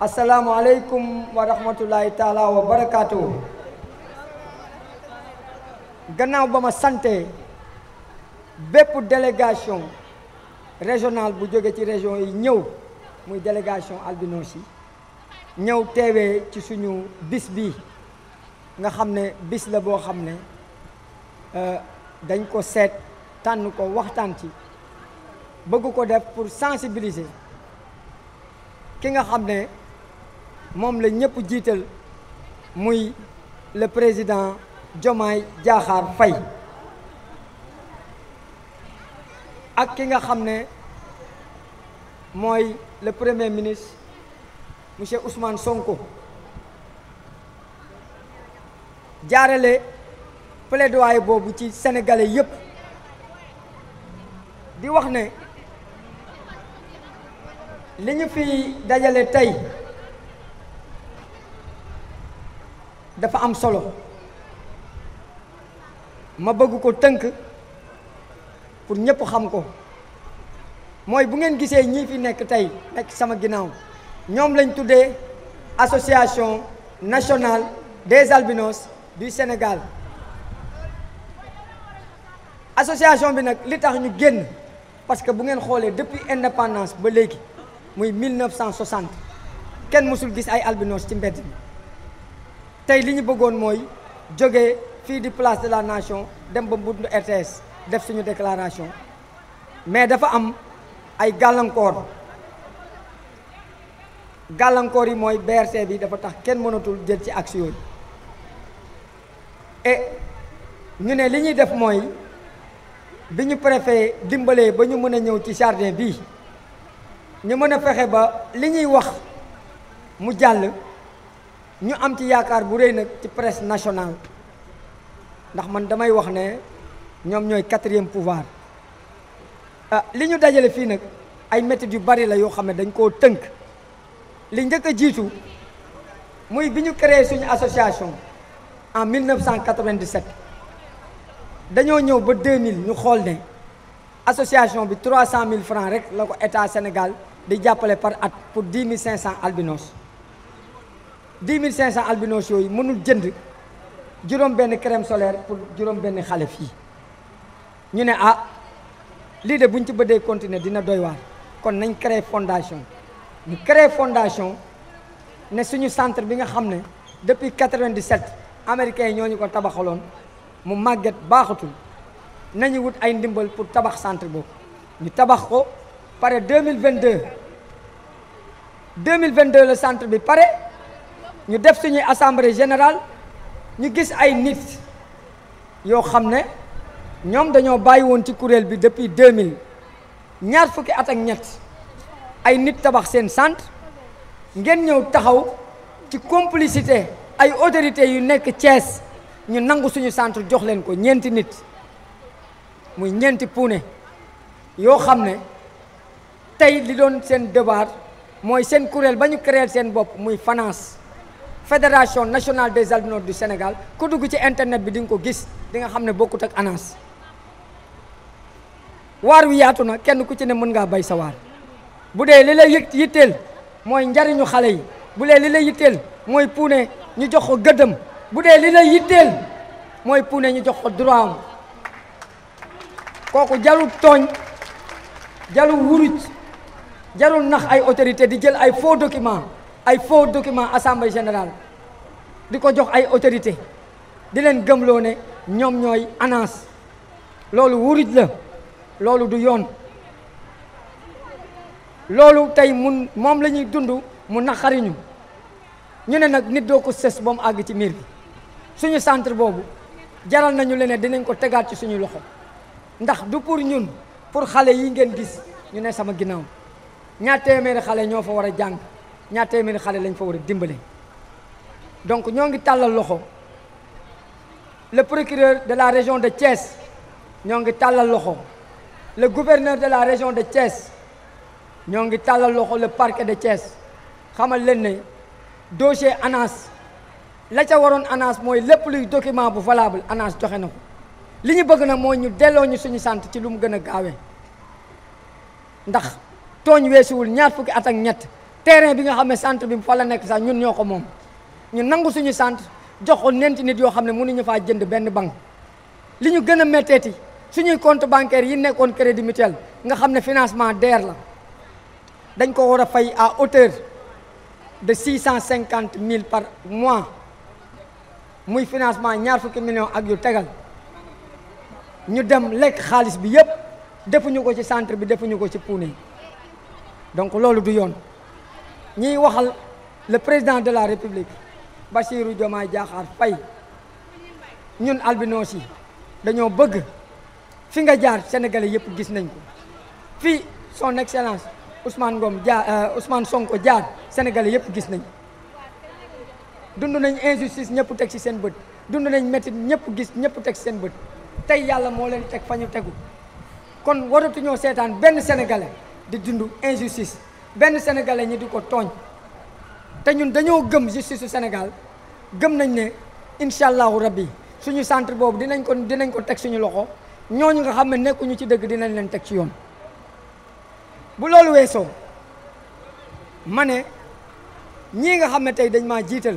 asalaamualeykum wa rahmatullahi taala wa barakaatu gannaaw ba ma sante bépp délégation régionale bu jóge ci région yi ñëw muy délégation albinos yi ñëw teewee ci suñu bis bi nga xam ne bis la boo xam ne euh, dañ ko seet tànn ko waxtaan ci bëgg ko def pour sensibiliser ki nga xam ne mom la ñëpp jiital muy le président Diomaye Diakhar Faye ak ki nga xamné moy le premier ministre monsieur Ousmane Sonko jaarale plaidoyer bobu ci sénégalais yépp di wax né liñu fi dajalé tay dafa am solo ma bëgg ko tënk pour ñëpp xam ko mooy bu ngeen association nationale des albinos du Sénégal association bi nag li tax parce que depuis indépendance ba 1960 gis albinos tey li ñu bëggoon mooy jóge fii di place de la nation dem ba mbundu RTS def suñu déclaration mais dafa am ay gàllankoor gàllankoor yi mooy BRT bi dafa tax kenn mënatul jël ci action yooyu et ñu ne li ñuy def mooy bi ñu préfet dimbalee ba ñu mën a ñëw ci jardin bi ñu mën a fexe ba li ñuy wax mu jàll ñu am ci yaakaar bu rëy nag ci presse nationale ndax man damay wax ne ñoom ñooy quatrième pouvoir ah li ñu dajale fii nag ay méthodes yu bari la yoo xam ne dañ koo tënk li njëkk a jiitu muy bi ñu créé suñu association en 1997 dañoo ñëw ba 2000 ñu xool ne association bi trois 300000 francs rek la ko état Sénégal di jàppale par at pour 10 500 albinos. dix mille albinos yooyu mënul jënd juróom ben crème solaire pour juróom benn xalé fi ñu né ah li de buñ ci bëdé continuer dina doy waar kon nañ créer fondation ñu créer fondation ne suñu centre bi nga xamné depuis 97 américains yi ñoo ñu ko tabaxalon mu màgget baaxatul nañu wut ay ndimbal pour tabax centre boobu ñu tabax ko Paré 2022 2022 le centre bi paré. ñu def suñuy assemblée général ñu gis ay nit yoo xam ne ñoom dañoo bàyyi woon ci kuréel bi depuis 2000 ñaar fukki at ak ñett ay nit tabax seen centre ngeen ñëw taxaw ci complicité ay autorités yu nekk Thiès ñu nangu suñu centre jox leen ko ñeenti nit muy ñeenti puune yoo xam ne tey li doon seen devoir mooy seen kuréel ba ñu créer seen bopp muy finance fédération national des albinos du Sénégal ku dugg ci internet bi di ko gis di nga xam ne bokkut ak ANAS waar wi yaatu na kenn ku ci ne mën ngaa bay sa waar bu dee li lay yitteel mooy njariñu xale yi bu dee li lay yitteel mooy puune ñu jox ko gëddëm bu dee li la yitteel mooy puune ñu jox ko droit am kooku jarul tooñ jarul wuruj jarul nax ay autorité di jël ay faux documents ay faux document assemblée générale diko jox ay autorité di gëm lo ne ñom ñoy annonce lolu wuruj la lolu du yoon lolu tay mun mom lañuy dundu mu naqariñu ñu né nak nit do ko sess bom ag ci mir bi suñu centre bobu jaral nañu leneen dinañ ko tegaat ci suñu loxo ndax du pour ñun pour xalé yi ngeen gis ñu né sama ginnaw ñaar téeméeri xalé ñoo fa ñaar téeméeri xale lañ fa war a dimbale donc ñoo ngi tàllal loxo le procureur de la région de Thiès ñoo ngi tàllal loxo le gouverneur de la région de Thiès ñoo ngi tàllal loxo le parquet de Thiès xamal leen ne dossier ANAS la ca waroon ANAS mooy lépp luy document bu valable ANAS joxe na ko li ñu bëgg nag mooy ñu delloo ñu suñu sant ci lu mu gën a gaawee ndax tooñ weesuwul ñaar fukki at ak ñett terrain bi nga xamné centre bi fa la nek sax ñun ñoko mom ñu nangu suñu centre jox ko ñeenti nit yo xamné ne ñu fa jënd benn bank li ñu gën a compte bancaire yi nekkon crédit mutuel nga xamné ne financement DER la dañ ko wara a fay à hauteur de 650.000 par mois muy financement ñaar fukki millions ak yu tegal ñu dem lek xaalis bi yépp defuñu ko ci centre bi defuñu ko ci puune donc lolu du yoon ñiy waxal le président de la république Bassirou jomaa Diakhar Faye ñun albinos yi dañoo bëgg fi nga jaar sénégalais yëpp gis nañ ko fii son excellence usmaan Ngom jaar euh, Ousmane Sonko jaar sénégalais yëpp gis nañ dund nañ injustice ñëpp teg ci seen bët dund nañ métti ñëpp gis ñëpp teg ci seen bët tey yàlla moo leen teg fa ñu tegu kon waratuñoo seetaan benn sénégalais di dund injustice benn sénégalais ñi di ko tooñ te ñun dañoo gëm justice su Sénégal gëm nañ ne incha allahu rabbi suñu centre boobu dinañ ko dinañ ko teg suñu loxo ñoo ñu nga xam ne nekkuñu ci dëgg dinañ leen teg ci yoon bu loolu weesoo ma ne ñii nga xam ne tey dañ maa jiital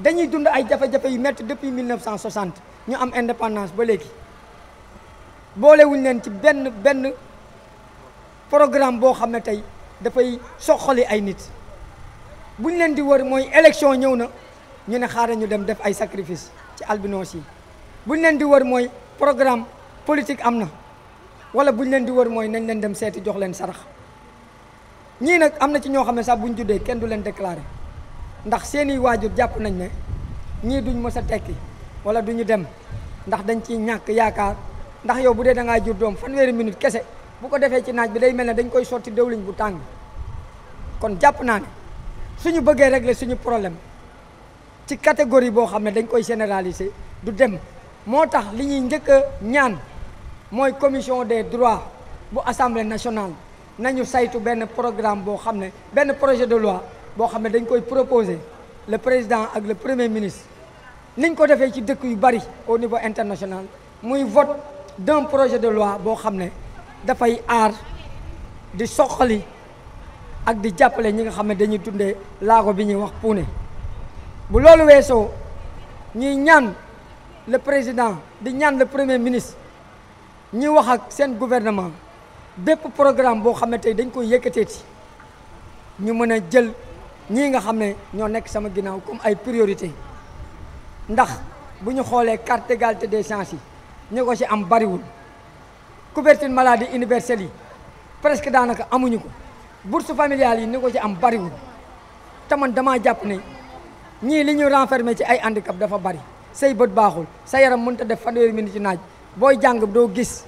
dañuy dund ay jafe-jafe yu métti depuis 1960 ñu am indépendance ba léegi boolewuñ leen ci benn benn. programme boo xam ne tey dafay soxali ay nit bu ñu leen di wër mooy élection ñëw na ñu ne xaaral ñu dem def ay sacrifice ci albinos yi bu ñu leen di wër mooy programme politique am na wala bu ñu leen di wër mooy nañ leen dem seeti jox leen sarax ñii nag am na ci ñoo xam ne sax bu ñu juddee kenn du leen déclaré ndax seeni waajur jàpp nañ ne ñii duñ mës a tekki wala duñu dem ndax dañ ciy ñàkk yaakaar ndax yow bu dee da ngaa jur doom fanweeri minute kese. bu ko defee ci naaj bi day mel ne dañ koy sotti dëwliñ bu tàng kon jàpp naa ne suñu bëggee régler suñu problème ci catégorie boo xam ne dañ koy généraliser du dem moo tax li ñuy njëkk a ñaan mooy commission des droit bu assemblée nationale nañu saytu benn programme boo xam ne benn projet de loi boo xam ne dañ koy proposé le président ak le premier ministre niñ ko defee ci dëkk yu bari au niveau international muy vote d'un projet de loi boo xam ne dafay aar di soqali ak di jàppale ñi nga xam ne dañuy dundee laago bi ñuy wax puune bu loolu weesoo ñuy ñaan le président di ñaan le premier ministre ñi wax ak seen gouvernement bépp programme boo xam ne tey dañ koy yëkkatee ci ñu mën a jël ñii nga xam ne ñoo nekk sama ginnaaw comme ay priorité ndax bu ñu xoolee carte d'égalité des chances yi ñu ko ci am bariwul couverture maladie universelle yi presque danaka amuñu ko bourse familiale yi niko ci am bari wu ta man dama japp ne ñi li ñu renfermé ci ay handicap dafa bari sey beut baxul sa yaram mën ta def fanweeri min ci naaj boy jang do gis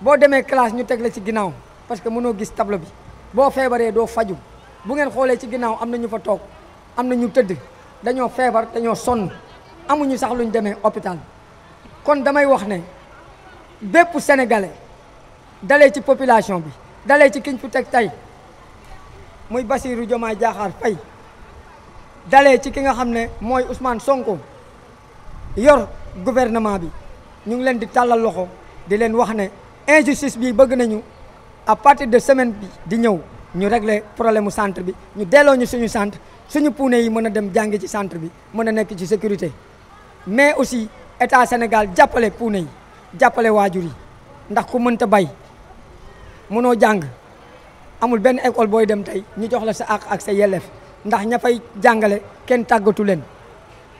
bo démé classe ñu teg la ci ginaaw parce que mëno gis tableau bi bo fébaré do faju bu ngeen xolé ci ginaaw amna ñu fa tok amna ñu tëdd dañoo fébar dañoo son amuñu sax luñu démé hôpital kon damay wax ne. bépp sénégalais dalee ci population bi dalee ci kiñ fi teg tey muy Bassirou Diomaye Diakhar Faye dalee ci ki nga xam ne mooy usmaan Sonko yor gouvernement bi ñu ngi leen di tàllal loxo di leen wax ne injustice bi bëgg nañu à partir de semaine bi di ñëw ñu regle problème mu centre bi ñu delloo ñu suñu centre suñu puune yi mën a dem jàngi ci centre bi mën a nekk ci sécurité mais aussi état Sénégal jàppale puune yi jàppale waajur yi ndax ku mënta bay mënoo jàng amul benn école booy dem tey ñu jox la sa àq ak sa yelleef ndax ña fay jàngale kenn tàggatu leen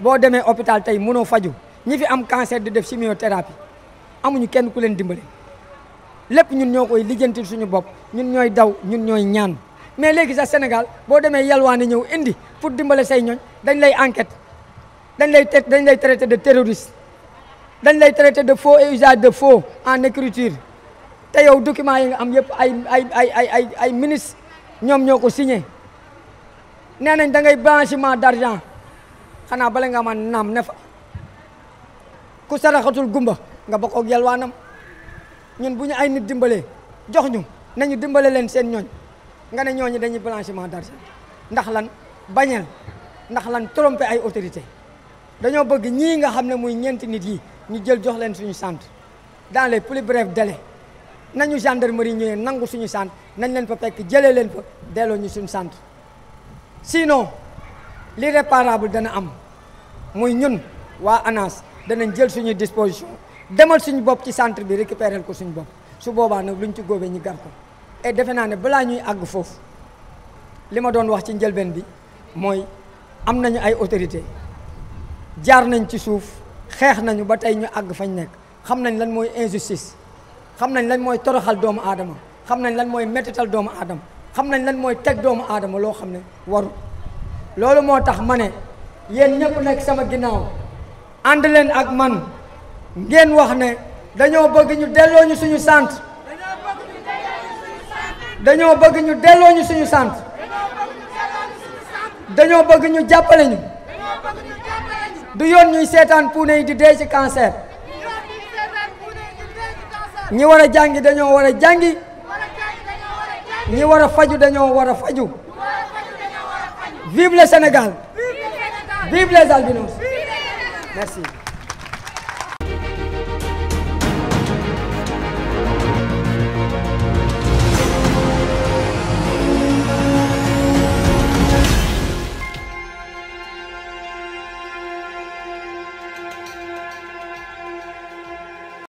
boo demee hôpital tey mënoo faju ñi fi am cancer di def chimiothérapie amuñu kenn ku leen dimbale lépp ñun ñoo koy lijjantil suñu bopp ñun ñooy daw ñun ñooy ñaan mais léegi sax Sénégal boo demee yalwaane ñëw indi pour dimbale say ñooñ dañ lay enquête dañ lay dañ lay traité de terroriste dañ lay traité de faux et eh, usage de faux ah, en écriture té yow document yi nga am yépp ay ay ay ay ay ministre ñom ñoko signé nee nañ da ngay blanchiment d'argent xana ya. balé nga man nam ne ku saraxatul gumba nga bokk ak yalwanam ñun buñu ay nit dimbalé jox ñu nañu dimbalé len seen ñoñ nga né ñoñu dañuy blanchiment d'argent ndax lan bañal ndax lan tromper ay autorité dañu bëgg ñi nga xamné muy ñent nit yi ñu jël jox leen suñu centre dans les plus brefs délais nañu gendarmerie ñëwee nangu suñu centre nañ leen fa fekk jëlee leen fa delloo ñu suñu centre sinon l'irréparable dana am muy ñun waa ANAS danañ jël suñu disposition demal suñu bopp ci centre bi récupérer ko suñu bopp su boobaa nag luñ ci góobee ñu gar ay et defe naa ne balaa ñuy àgg foofu li ma doon wax ci njëlbeen bi mooy am nañu ay autorité jaar nañ ci suuf xeex nañu ba tey ñu àgg fañ nekk xam nañ lan mooy injustice xam nañ lan mooy toroxal doomu aadama xam nañ lan mooy mettital doomu aadama xam nañ lan mooy teg doomu aadama loo xam ne waru loolu moo tax ma ne yéen ñëpp nekk sama ginnaaw ànd leen ak man ngeen wax ne dañoo bëgg ñu delloo ñu suñu sant dañoo bëgg ñu delloo ñu suñu sant dañoo bëgg ñu jàppale ñu du yoon ñuy seetaan puune yi di dee ci cancer ñi war a jàngi dañoo war a jàngi ñi war a faju dañoo war a faju vive le Sénégal vive les albinos